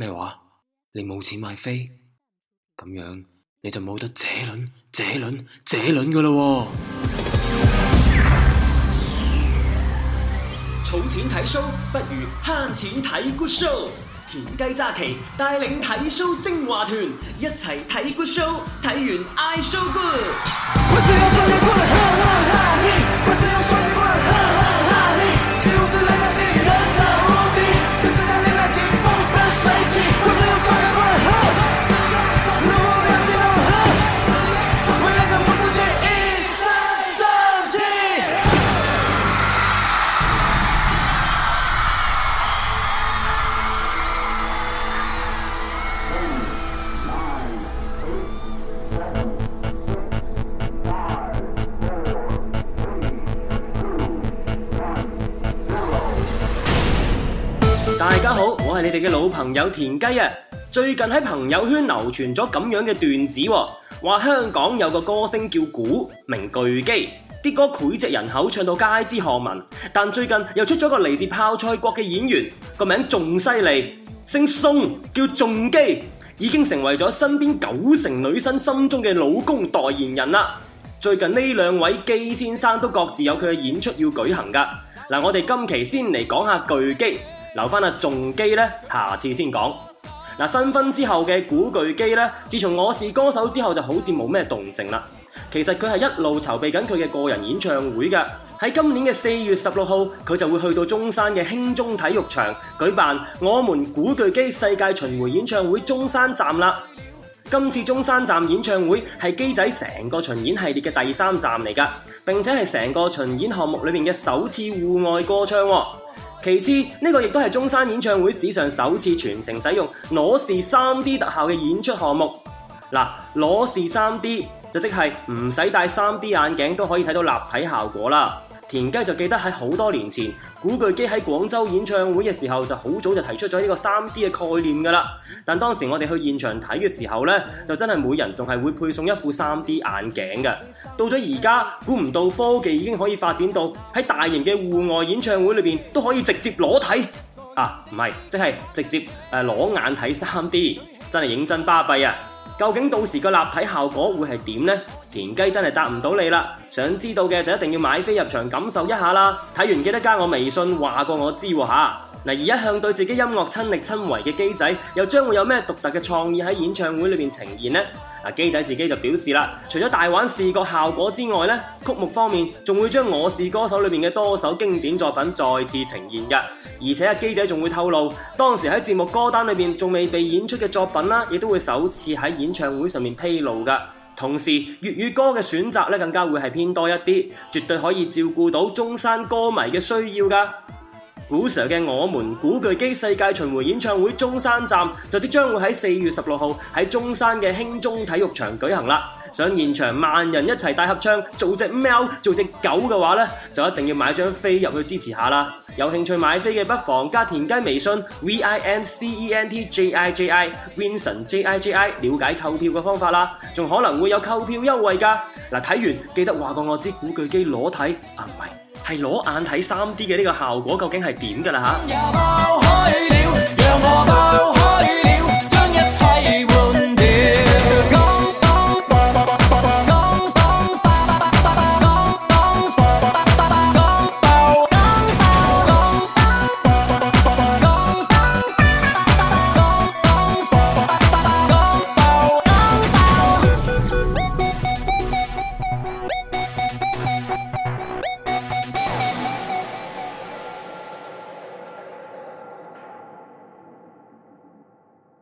咩話？你冇錢買飛，咁樣你就冇得這輪、這輪、這輪噶啦！喎，儲錢睇 show 不如慳錢睇 good show。田雞揸旗帶領睇 show 精華團，一齊睇 good show，睇完嗌 show good。不需有誰來 good，不需有誰來的 good。大家好，我係你哋嘅老朋友田雞啊！最近喺朋友圈流傳咗咁樣嘅段子，哦，話香港有個歌星叫古名巨基，啲歌膾炙人口，唱到街知巷聞。但最近又出咗個嚟自泡菜國嘅演員，個名仲犀利，姓宋，叫仲基，已經成為咗身邊九成女生心中嘅老公代言人啦。最近呢兩位基先生都各自有佢嘅演出要舉行噶。嗱，我哋今期先嚟講一下巨基。留翻阿仲基咧，下次先講。嗱，新婚之後嘅古巨基咧，自從我是歌手之後就好似冇咩動靜啦。其實佢係一路籌備緊佢嘅個人演唱會噶。喺今年嘅四月十六號，佢就會去到中山嘅興中體育場舉辦我們古巨基世界巡迴演唱會中山站啦。今次中山站演唱會係基仔成個巡演系列嘅第三站嚟噶，並且係成個巡演項目裏面嘅首次戶外歌唱啊。其次，呢、這個亦都係中山演唱會史上首次全程使用裸視 3D 特效嘅演出項目。嗱，裸視 3D 就即係唔使戴 3D 眼鏡都可以睇到立體效果啦。田雞就記得喺好多年前，古巨基喺廣州演唱會嘅時候，就好早就提出咗呢個三 D 嘅概念㗎喇。但當時我哋去現場睇嘅時候呢，就真係每人仲係會配送一副三 D 眼鏡㗎。到咗而家，估唔到科技已經可以發展到喺大型嘅戶外演唱會裏面都可以直接攞睇。啊，唔係，即係直接誒攞、呃、眼睇 3D，真係認真巴閉啊！究竟到時個立體效果會係點呢？田雞真係答唔到你啦！想知道嘅就一定要買飛入場感受一下啦！睇完記得加我微信，話過我知喎、啊。而一向對自己音樂親力親為嘅機仔，又將會有咩獨特嘅創意喺演唱會裏面呈現呢？嗱，機仔自己就表示啦，除咗大玩視覺效果之外，曲目方面仲會將《我是歌手》裏面嘅多首經典作品再次呈現㗎，而且阿機仔仲會透露，當時喺節目歌單裏面仲未被演出嘅作品啦，亦都會首次喺演唱會上面披露㗎。同時，粵語歌嘅選擇更加會係偏多一啲，絕對可以照顧到中山歌迷嘅需要㗎。古 Sir 嘅《我們古巨基世界巡迴演唱會》中山站就即將會喺四月十六號喺中山嘅興中體育場舉行啦！想現場萬人一齊大合唱，做隻喵，做隻狗嘅話呢，就一定要買張飛入去支持下啦！有興趣買飛嘅不妨加田雞微信 v i n c e n t j i j i vincent j i j i 了解購票嘅方法啦，仲可能會有購票優惠噶！嗱，睇完記得話過我知古巨基裸體啊咪！，係攞眼睇 3D 嘅呢個效果究竟係點㗎啦。